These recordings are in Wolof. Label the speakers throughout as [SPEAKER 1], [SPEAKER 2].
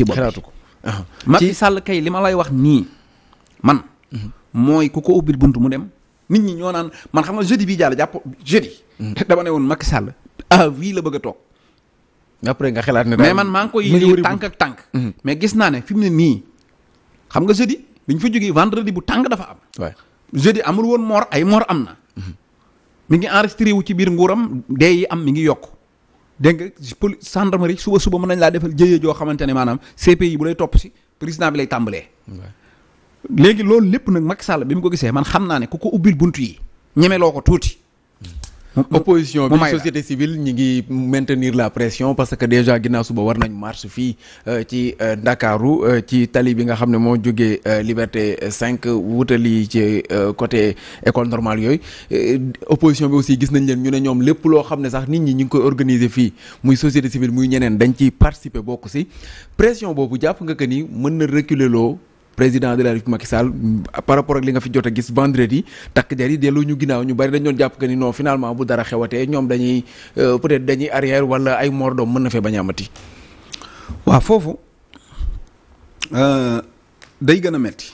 [SPEAKER 1] ci bopp xalaatu ko ah. Macky Sall kay li ma lay wax nii man mhm. mooy ku ko ubbil bunt mu dem nit ñi ñoo naan man xam nga jeudi bii jàll jàpp jeudi mhm. dama ne Sall ah wii la bëgg toog après nga xalaat ne mais man maa ngi koy yii tànk ak tànk mhm. mais gis naa ne fi mu ne nii xam nga jeudi bi ñu fa jógee vendredi bu tàng dafa am jeudi amul woon moor ay moor am na mi ngi enregistré wu ci biir nguuram dee yi am mi ngi yokk dégg nga poli gendarmerie suba suba mën nañ laa defal jëye joo xamante ne maanaam yi bu lay topp si président bi lay tàmbalee. léegi loolu lépp nag Macky Sall bi mu ko gisee man xam naa ne ku ko ubbil bunt yi ñemeloo ko tuuti. opposition bi société civile ñi ngi maintenir la pression parce que déjà ginnaaw suba war nañ marche fii euh, ci euh, Ndakaaru euh, ci tali bi nga xam ne moo jógee Liberté 5 wutali ci côté école normale yooyu opposition bi aussi gis nañ leen ñu ne ñoom lépp loo xam ne sax nit ñi ñu ngi koy organiser fii muy société civile muy ñeneen dañ ci participer bokk si pression boobu jàpp nga que ni mën na reculer loo président de la République Macky par rapport ak li nga fi jot a gis vendredi takk jar yi delloo ñu ginnaaw ñu bari dañ doon jàpp que ni non finalement bu dara xewatee ñoom dañuy euh, peut-être dañuy arrière wala ay mordoom mën na fee bañ a amati. waaw foofu euh, day gën a metti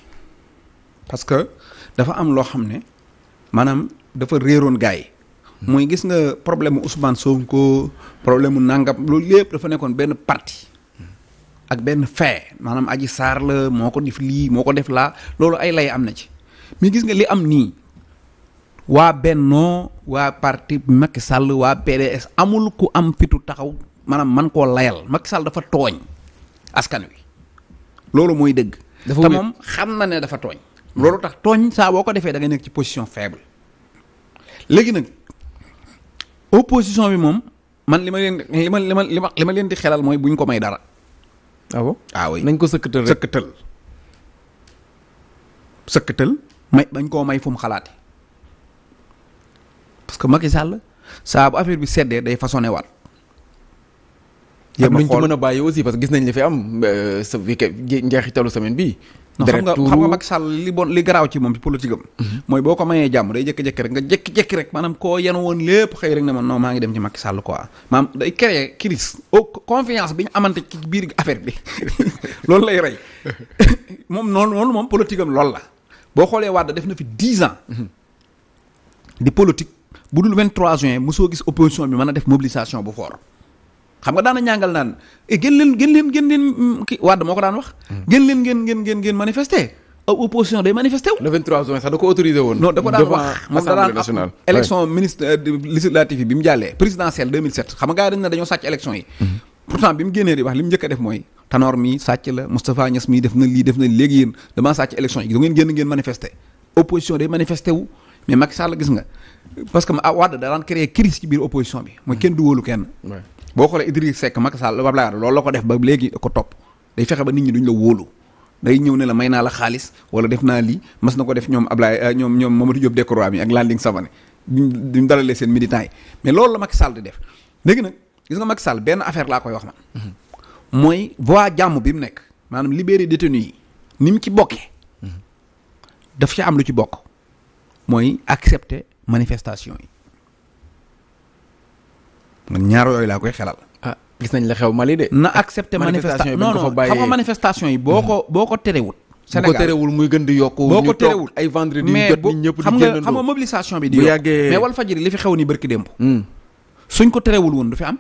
[SPEAKER 1] parce que dafa am loo xam ne maanaam dafa réeroon gars yi. mooy gis nga problème mu Ousmane Sonko problème mu nangam loolu lépp dafa nekkoon benn parti. ak benn fee maanaam aji saar la moo ko def lii moo ko def laa loolu ay lay am na ci mais gis nga li am nii waa Bennoo waa parti Macky sàll waa PDS amul ku am fitu taxaw maanaam man koo layal Macky Sall dafa tooñ askan wi loolu mooy dëgg. te moom xam na ne dafa tooñ. loolu tax tooñ saa boo ko defee da nekk ci position faible léegi nag opposition bi moom man li ma leen li ma li ma li ma leen di xelal mooy buñ ko may dara. ah bon ah nañ ko sëkkatal rek sëkkatal sëkkatal may bañ koo may fu mu xalaate parce que Macky sàll saa bu affaire bi seddee day façonné waat. yéen a xool luñ ci bàyyi aussi parce que gis nañ li fi am sa euh, week njeexitalu semaine bii. xam nga xam nga Macky Sall li bon li garaaw ci moom ci mhm. mooy boo ko mayee jàmm day jékki-jékki rek nga jékki-jékki rek maanaam koo yenu woon lépp rek ne man non maa ngi dem ci Macky Sall quoi maanaam day créer crise au confiance bi ñu amante ci biir affaire bi loolu lay rey moom noonu noonu moom politique am loolu la boo xoolee Wade def na fi dix ans mhm. di politique bu dul 23 juin soo gis opposition bi mën a def mobilisation bu fort xam nga daana ñàngal naan eh, gën leen gën leen gën leen mm, kii Wade moo ko daan wax hmm. gën leen ngeen ngeen ngeen ngeen manifester opposition day manifester euh, xam nga gars sàcc élection yi hmm. pourtant bi mu génnee di li mu njëkk a def mooy Tanor mi sàcc la Moustapha Niass mi def na lii def na léegi yéen damaa sàcc élection yi da ngeen génn ngeen manifester opposition day manifester mais Macky Sall gis nga parce que ah, Wade da daan créer crise ci biir opposition bi mooy kenn du kenn boo xoolee Idriss Seck Macky Sall Abdoulaye Wade loolu la ko def ba léegi ko topp day fexe ba nit ñi duñu la wóolu day ñëw ne la may naa la xaalis wala def naa lii mas na ko def ñoom Ablaye euh, ñoom ñoom Mamadou Diop Decroix mi ak Landing Savané duñ dalalee seen militants mais loolu la Macky Sall di def léegi nag gis nga Macky Sall benn affaire laa koy wax man mhm. mooy voie jàmm bi mu nekk maanaam libéré détenu yi ni mu ci bokkee mhm. daf ci am lu ci bokk mooy accepter manifestation yi man ñaar wooyu laa koy xelal. Ah, gis nañ la xew Mali de. na accepté manifestation yi non non xam yi boo ko mm-hmm. boo ko terewul. Sénégal bu ko terewul muy gën di yokk. boo ko terewul ay vendredi yu jot ñëpp di génnandoo mais xam nga xam nga mobilisation bi. di yokk mais wal fajiri li fi xew ni barki démb. Mm. suñ ko terewul woon du fi am.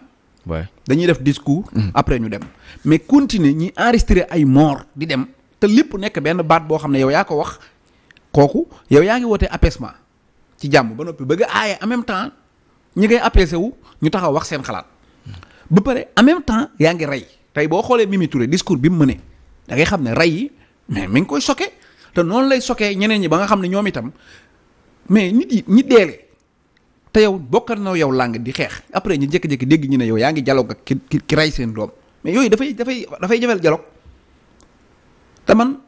[SPEAKER 1] dañuy def discours. Mm. après ñu dem mais continuer ñi enregistré ay mort di dem te lépp nekk benn baat boo xam ne yow yaa ko wax kooku yow yaa ngi woote apaisement ci jàmm ba noppi bëgg aaye en même temps ñi ngay apeese wu ñu taxaw wax seen xalaat bu pare en même temps yaa ngi rey tey boo xoolee Mimi Touré discours bi mu mënee da ngay xam ne rey yi mais mi ngi koy sokke te noonu lay sokkee ñeneen ñi ba nga xam ne ñoom itam mais nit ñi deele te yow bokkal na yow làng di xeex après ñu jékki-jékki dégg ñu ne yow yaa ngi dialogue ak ki ki ray seen doom mais yooyu dafay dafay dafay jafeel dialogue te man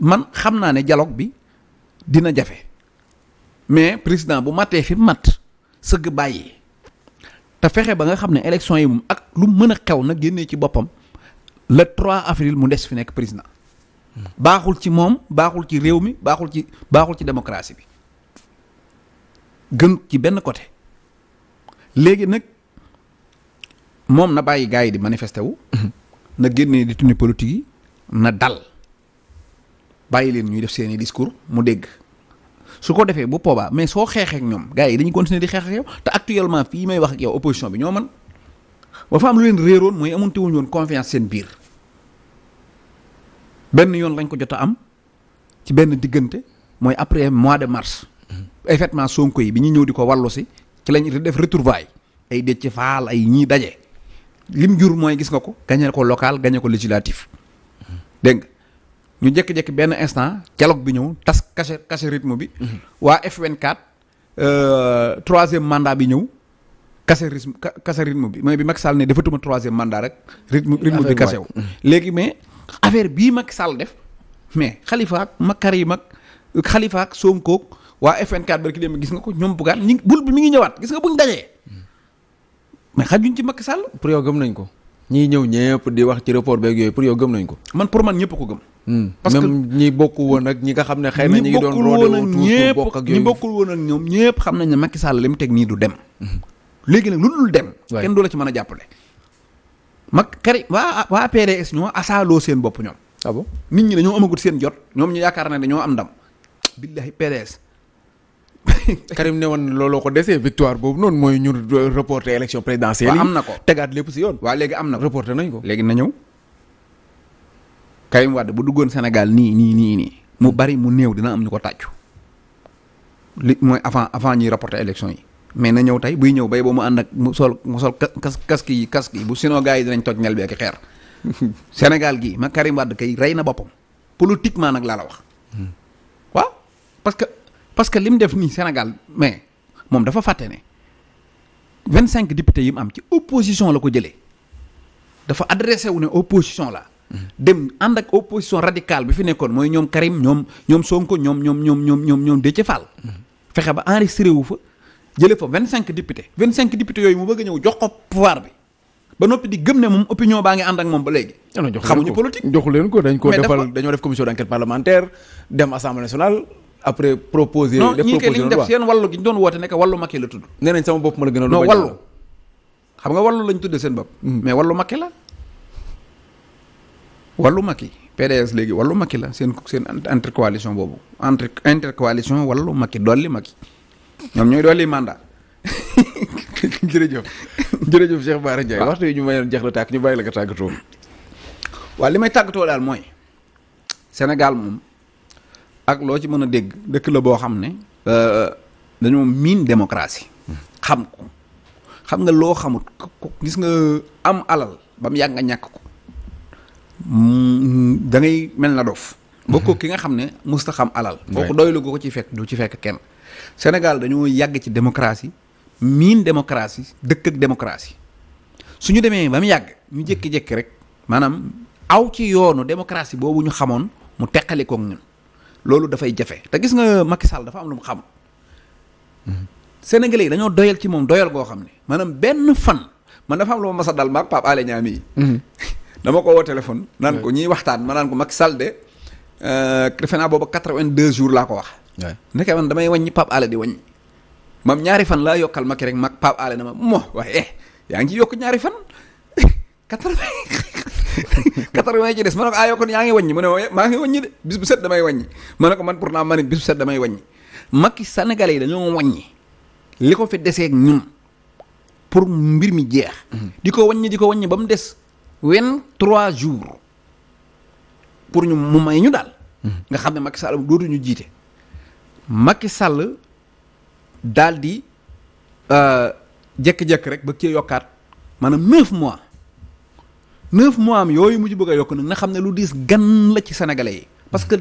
[SPEAKER 1] man xam naa ne dialogue bi dina jafe mais président bu matee fi mat sëgg bàyyi te fexe ba nga xam ne élection yi moom ak lu mën a xew na génnee ci boppam le trois avril mu des fi nekk président baaxul ci moom baaxul ci réew mi baaxul ci baaxul ci démocratie bi gën ci benn côté léegi nag moom na bàyyi gars yi di manifester wu na génnee di tuni politique yi na dal bàyyi leen ñuy def seeni discours mu dégg su ko defee bu poobaa mais soo xeexee ñoom gars yi dañuy continuer di xeex ak yow te actuellement fii may wax ak yow opposition bi ñoo man ba fa am lu leen réeroon mooy amunte wuñu woon confiance seen biir benn yoon lañ ko jot a am ci benn diggante mooy après mois de mars mhm. effectivement Sonko yi bi ñuy ñëw di ko wàllu si ci lañ def retrouvailles ay Déthié Fall ay ñii daje lim jur mooy gis nga ko gañe ko local gañe ko législatif mhm. dégg nga ñu jékki-jékki benn instant dialogue bi ñëw tas caché caché rythme bi. Mhm. waa F24 euh, troisième mandat bi ñëw. kase rythme kase bi mooy bi Macky Sall ni defatuma troisième mandat rek. rythme rythme bi kasew mhm. léegi mais affaire bii Macky Sall def mais Khalifa ak yi mag Khalifa ak Sonko waa FN4 barki dem gis nga ko ñoom bugaat ñi bul bi mi ngi ñëwaat gis nga buñ dajee mhm. mais xajuñ ci makk Sall. pour yow gëm nañ ko. ñii ñëw ñëpp di wax ci report beeg yooyu pour yow gëm nañ ko. man pour man ñëpp ko gëm. Hmm. parce que même ñi bokku woon ak ñi nga xam ne xëy na ñi ngi doon roode wu bokk ak yooyu ñi bokkul ñëpp xam nañ ne Macky Sall li mu teg nii du dem. Hmm. léegi nag lu dem. kenn du la ci mën a jàppale. mag xëy waa waa PDS ñoo asaaloo seen bopp ñoom. ah nit ñi dañoo amagut seen jot ñoom ñu yaakaar na dañoo am ndam. billahi PDS Karim ne woon looloo ko desee victoire boobu noonu mooy ñu reporter élection présidentielle yi. am na ko tegaat lépp si yoon. waaw léegi am na ko reporter ko. léegi na ñëw Karim Wade bu duggoon Sénégal nii nii nii nii mu bari mu néew dina am ñu ko tàccu li mooy avant avant ñuy reporter élection yi. mais na ñëw tey buy ñëw bay ba mu ànd ak mu sol mu sol kas casque yi kas ki bu sinon gars yi dinañ toj ñel bi xeer. Sénégal gii ma Karim Wade kay rey na boppam politiquement nag laa la wax. Hmm. waaw parce parce que li mu def nii Sénégal mais moom dafa fàtte ne vingt cinq députés yi mu am ci opposition la ko jëlee dafa adressé wu ne opposition la dem ànd ak opposition radicale bi fi nekkoon mooy ñoom Karim ñoom ñoom Sonko ñoom ñoom ñoom ñoom ñoom ñoom Déthié Fall fexe ba enregistré wu fa jële fa vingt cinq députés vingt cinq députés yooyu mu bëgg a ñëw jox ko pouvoir bi ba noppi di gëm ne moom opinion baa ngi ànd ak moom ba léegi. Ah xamuñu politique joxu leen ko dañ ko defal dañoo def commission d' après proposer. non ñii kay li ñu def seen wàllu gi ñu woote nekk wàllu Macky la tudd. nee nañ sama bopp la gën a. non wàllu xam nga wàllu lañ tudd seen bopp. Mm-hmm. mais wàllu Macky la. wàllu Macky PDS léegi wàllu Macky la seen seen entre coalition boobu entre intercoalition wàllu dool li Macky ñoom ñooy dolli mandat. jërëjëf jërëjëf Cheikh Bara Ndiaye waxtu yi ñu mayoon jeex la tàkk ñu bàyyi la ko tàggatoo. waaw li may tàggatoo daal mooy Sénégal moom. ak loo ci mën a dégg dëkk la boo xam ne euh, dañoo miin démocratie xam ko xam nga loo xamut gis nga am alal ba mu yàgg nga ñàkk ko mm, dangay mel na dof bokk mm-hmm. ki nga xam ne musta xam alal kooku doylu ko ci fekk du ci fekk kenn Sénégal dañoo yàgg ci démocratie miin démocratie dëkk ak su ñu demee ba mu yàgg ñu jékki-jékki rek maanaam aw ci yoonu démocratie boobu ñu xamoon mu teqali koog ñun loolu dafay jafe te gis nga Macky Sall dafa am lu mu xam. Sénégalais yi dañoo doyal ci moom doyal goo xam ne maanaam benn fan man dafa am lu ma mas dal maag Pape Alé Niang yi mhm. dama ko woo téléphone. naan ko ñuy waxtaan ma naan ko Macky Sall de. Euh, defe naa booba quatre-vingt-deux jours laa ko wax. waaw nekkee man damay wàññi Pape Alé di wàññi. mam ñaari fan laa yokkal Macky rek mag Pape Alé na ma mo waaye eh, yaa ngi ciy yokk ñaari fan quatre-vingt quatre-vingts ci des ma a ko ah yow kon yaa ngi wàññi mu ne eh, maa ngi wàññi de bis bu set damay wàññi ma ne ko man pourtant man it bis bu set damay wàññi Macky senegal yi dañoo waññi li ko fi deseeg ñun pour mbir mi jeex mhm. di ko wàññi di ko wàññi ba mu des wenn trois jour pour ñu mu may ñu daal mhm. nga xam ne Macky Sall dootuñu jiite makki sàll dal di euh, jékki-jékki rek ba cee yokkaat maanaam neuf mois neuf mois am yooyu mu ci bëgg a yokk nag na xam ne lu diis gan la ci sénégalais yi parce que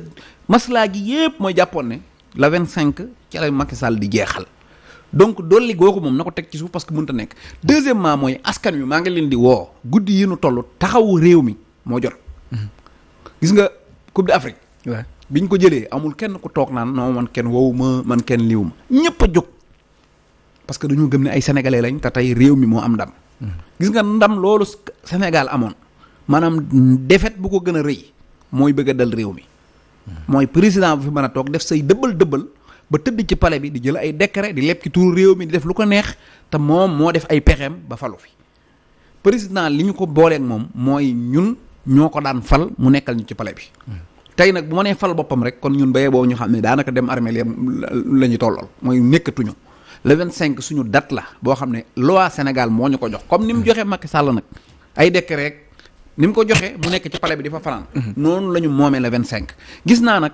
[SPEAKER 1] maslaa gi yépp mooy jàppoon ne la vingt cinq ci la Macky Sall di jeexal donc dolli googu moom na ko teg ci suuf parce que mënta nekk deuxièmement mooy askan wi maa ngi leen di woo guddi yi nu toll taxawu réew mi moo jot gis nga coupe d'Afrique biñ ko jëlee amul kenn ku toog naan noo man kenn wowu ma man kenn liwu ma ñëpp a jóg parce que dañoo gëm ne ay sénégalais lañ te tey réew mi moo am ndam mm. gis nga ndam loolu Sénégal amoon maanaam defet bu ko gën a rëy mooy bëgg dal réew mi mooy président bu fi mën a toog def say dëbbal dëbbal ba tëdd ci pale bi di jël ay décret di lepp turu réew mi di def lu ko neex te moom moo def ay pexeem ba falu fi président li ñu ko booleeg moom mooy ñun ñoo ko daan fal mu nekkal ñu ci pale bi tey nag bu ma nee fal boppam rek kon ñun bayee boobu ñu xam ne daanaka dem armée la ñu tollal mooy nekkatuñu le cinq suñu date la boo xam ne loi Sénégal moo ñu ko jox comme ni mu joxee Macky Sall nag ay décret ni mu ko joxee mu nekk ci palais bi di fa fanaan. noonu la ñu moomee la vingt cinq. gis naa nag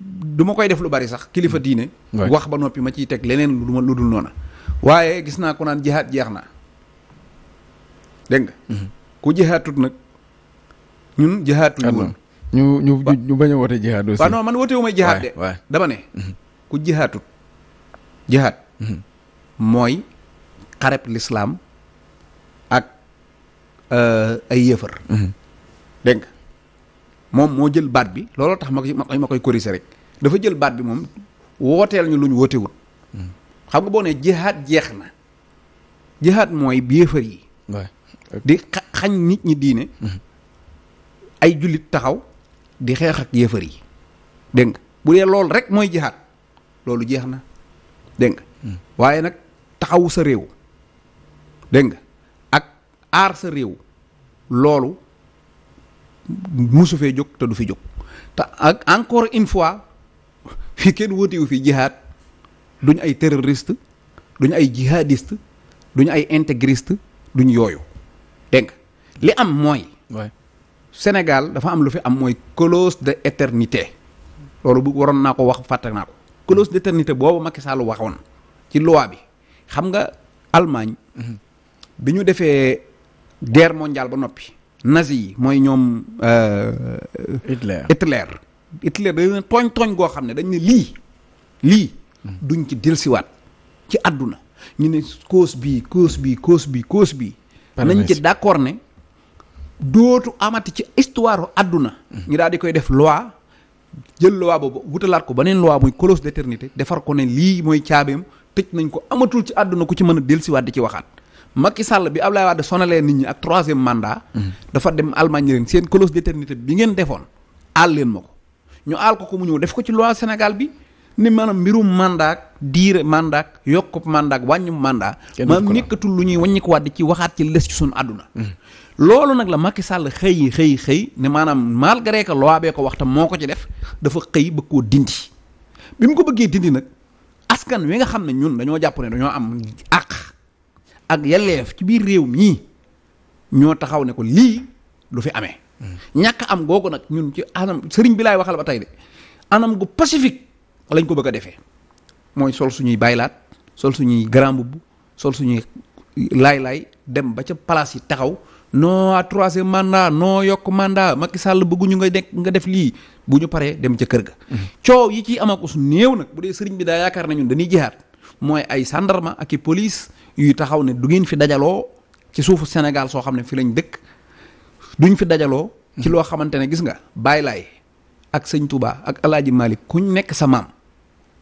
[SPEAKER 1] duma koy def lu bari sax kilifa diine. wax ba noppi ma ciy teg leneen lu ma lu dul noona waaye gis naa ko naan jihaat jeex na dégg nga. Mhm. ku jihaatut nag ñun jihaatuñu woon. ñu ñu ñu bañ a wootee jihaat aussi. waaw non man wootee wu de. dama ne. Mhm. ku jihaatut jihaat. Mhm. mooy xareb lislaam ak. Euh, ay yéefar. Mhm. dégg nga moom moo jël baat bi looloo tax ma koy ma koy corriger rek dafa jël baat bi moom wooteel ñu lu ñu wootewut mhm. xam nga boo nee jihaad jeex na jihaad mooy yéefar yi. di xañ nit ñi diine. Mhm. ay jullit taxaw di xeex ak yéefar yi dégg nga bu dee loolu rek mooy jihaad loolu jeex na dégg nga waaye nag taxawu sa réew dégg nga aar sa réew loolu musu fee jóg te du fi jóg te ak encore une fois fii kenn wóotewu fi jihaad duñ ay terroriste duñ ay jihadiste duñ ay intégriste duñ yooyu dégg li am mooy Sénégal dafa am lu fi am mooy clause de éternité loolu bu waroon naa ko wax fàtte naa ko clause d' éternité boobu Macky Sall waxoon ci loi bi xam nga Allemagne mhm. bi ñu defee guerre mondiale ba noppi nazi yi mooy ñoom. Euh, Hitler Hitler. Hitler dañu leen tooñ tooñ goo xam ne dañ ne lii lii duñ ci dellusiwaat ci àdduna ñu ne cause bii cause bii cause bii cause bii. nañ ci d'accord ne dootu amati ci histoire àdduna. ñu daal di koy def loi jël loi boobu wutalaat ko beneen loi muy clause d'éternité defar ko ne lii mooy caabeem tëj nañ ko amatul ci àdduna ku ci mën a dellusiwaat di ci waxaat. makki sàll bi Ablaye Wade sonalee nit ñi ak troisième mandat. Mhm. dafa dem Allemagne leen seen clause d'éternité bi ngeen defoon aal leen ma ko ñu aal ko ko mu ñëw def ko ci loi Sénégal bi ni maanaam mbirum mandat diire mandat yokkub mandat wàññum mandat. ma nekkatul lu ñuy wàññikuwaat di ci waxaat ci les ci suñu àdduna. Mhm. loolu nag la Macky Sall xëy xëy xëy ne maanaam malgré que loi ko waxta moo ko ci def dafa xëy bëgg koo dindi bi mu ko bëggee dindi nag askan wi nga xam ne ñun dañoo jàpp ne dañoo am àq. ak yelleef ci biir réew mii ñoo taxaw ne ko lii du fi amee. ñàkk am googu nag ñun ci anam sëriñ bi laay waxal ba tey de anam gu pacifique lañ ko bëgg a defee mooy sol suñuy baylaat sol suñuy grand mbubb sol suñuy laay-laay dem ba ca place yi taxaw non à troisième mandat non yokk mandat Macky Sall bëgguñu nga nekk nga def lii bu ñu paree dem ca kër ga. coow yi ciy amaku su néew nag bu dee sëriñ bi daa yaakaar na ñun dañuy jihaat mooy ay gendarme ak i police yuy taxaw ne du ngeen fi dajaloo ci suufu Sénégal soo xam ne fi lañ dëkk duñ fi dajaloo. ci loo xamante ne gis nga Baay Laay ak sëñ Touba ak El Hadj Malick kuñ nekk sa maam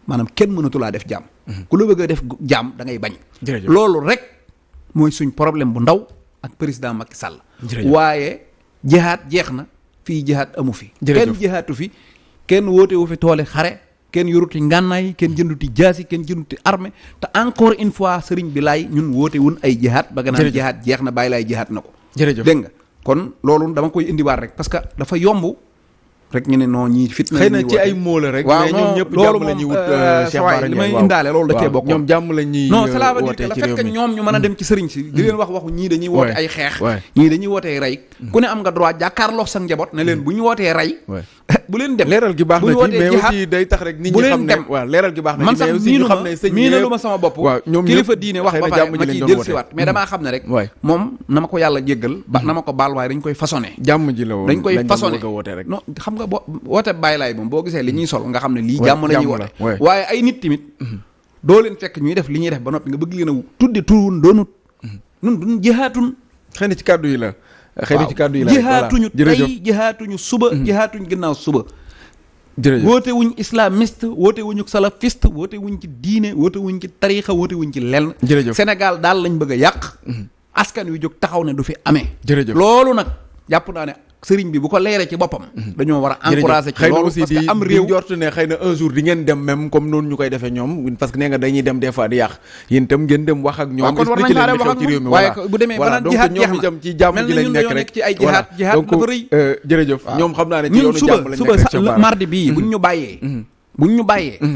[SPEAKER 1] maanaam kenn mënatulaa def jàmm. Mhm. ku la bëgg a def jàmm da ngay bañ. loolu rek mooy suñ problème bu ndaw ak président Macky Sall. waaye jihaat jeex na fii jihaat amu fi. kenn jihaatu fi kenn wootewu fi toole xare. kenn yoruti ngànnaay kenn jënduti jaasi kenn jënduti armée te encore une fois sëriñ bi laay ñun woote wun ay jihaat ba ganaan jihaat jeex na bàyyi laay jihaat na ko jërëjëf dégg nga kon loolu dama koy indiwaat rek parce que dafa yomb rek ñu ne non ñii fitna xëy ci ay mots la rek. waaw mais ñoom ñëpp jàmm la wut. Euh, euh, Cheikh Bara may indaale loolu da cee bokk. ñoom jàmm la euh, a dem mm. woote rek nit ñi xam ne lu ma sama bopp kilifa diine wax ba pare ma ciy dellusiwaat mais mm. damaa xam ne rek moom na ma ko yàlla jéggal ba mm. na ma ko baal waaye dañ koy façonné jàmm ji la woon dañ koy façonné non xam nga nga bo woote bàyyi laay moom boo gisee li ñuy sol nga xam ne lii jàmm la ñuy woote waaye ay nit tamit doo leen fekk ñuy def li ñuy def ba noppi nga bëgg leen a tudde turun doonut nun duñ jihaatun xëy na ci kàddu yi la xëy na ci kàddu yi la jihaatuñu tey jihaatuñu suba mm-hmm. jihaatuñu gannaaw suba jërëjëf woote wuñ islamiste woote wuñu salafiste woote wuñ ci diine woote wuñ ci tariixa woote wuñ ci len jërëjëf Sénégal daal lañ bëgg a yàq mm-hmm. askan wi jóg taxaw ne du fi amee jërëjëf loolu nag jàpp naa ne sëriñ bi bu ko leeree ci boppam. Mhm. dañoo war a encourager ci loolu parce que am nee nga dañuy dem des fois di yàq yéen ngeen dem wax ak ñoom. expliqué leen ci réew mi voilà bu demee donc ñoom itam ci jàmm ji lañ nekk ci ay jihaat jihaat euh, mardi bii buñ ñu bàyyee mhm. buñ ñu bàyyee mhm.